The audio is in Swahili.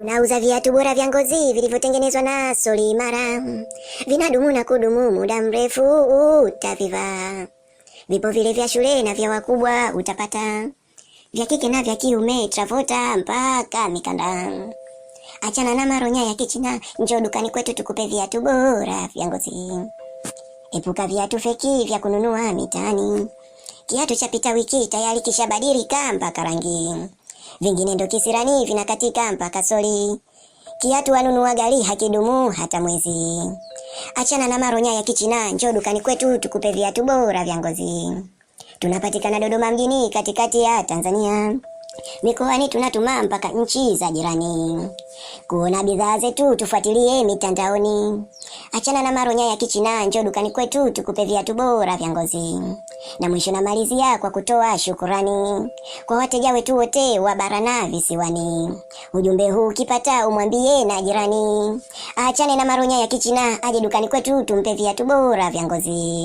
Unauza viatu bora vya ngozi vilivyotengenezwa na soli imara, vinadumu na kudumu muda mrefu, utavivaa. Vipo vile vya shule na vya wakubwa, utapata vya kike na vya kiume, travota mpaka mikanda. Achana na maronya ya kichina, njoo dukani kwetu tukupe viatu bora vya ngozi. Epuka viatu feki vya kununua mitaani. Kiatu cha pita wiki tayari kishabadilika mpaka rangi vingine ndo kisirani vinakatika mpaka soli. Kiatu wanunua gari hakidumu hata mwezi. Achana na maronya ya kichina, njoo dukani kwetu tukupe viatu bora vya ngozi. Tunapatikana Dodoma mjini, katikati ya Tanzania. Mikoani tunatuma mpaka nchi za jirani. Kuona bidhaa zetu tufuatilie mitandaoni achana na maronya ya Kichina, njoo dukani kwetu tukupe viatu bora vya ngozi. Na mwisho namalizia kwa kutoa shukurani kwa wateja wetu wote wa barana visiwani. Ujumbe huu ukipata umwambie na jirani, achane na maronya ya Kichina, aje dukani kwetu tumpe viatu bora vya ngozi.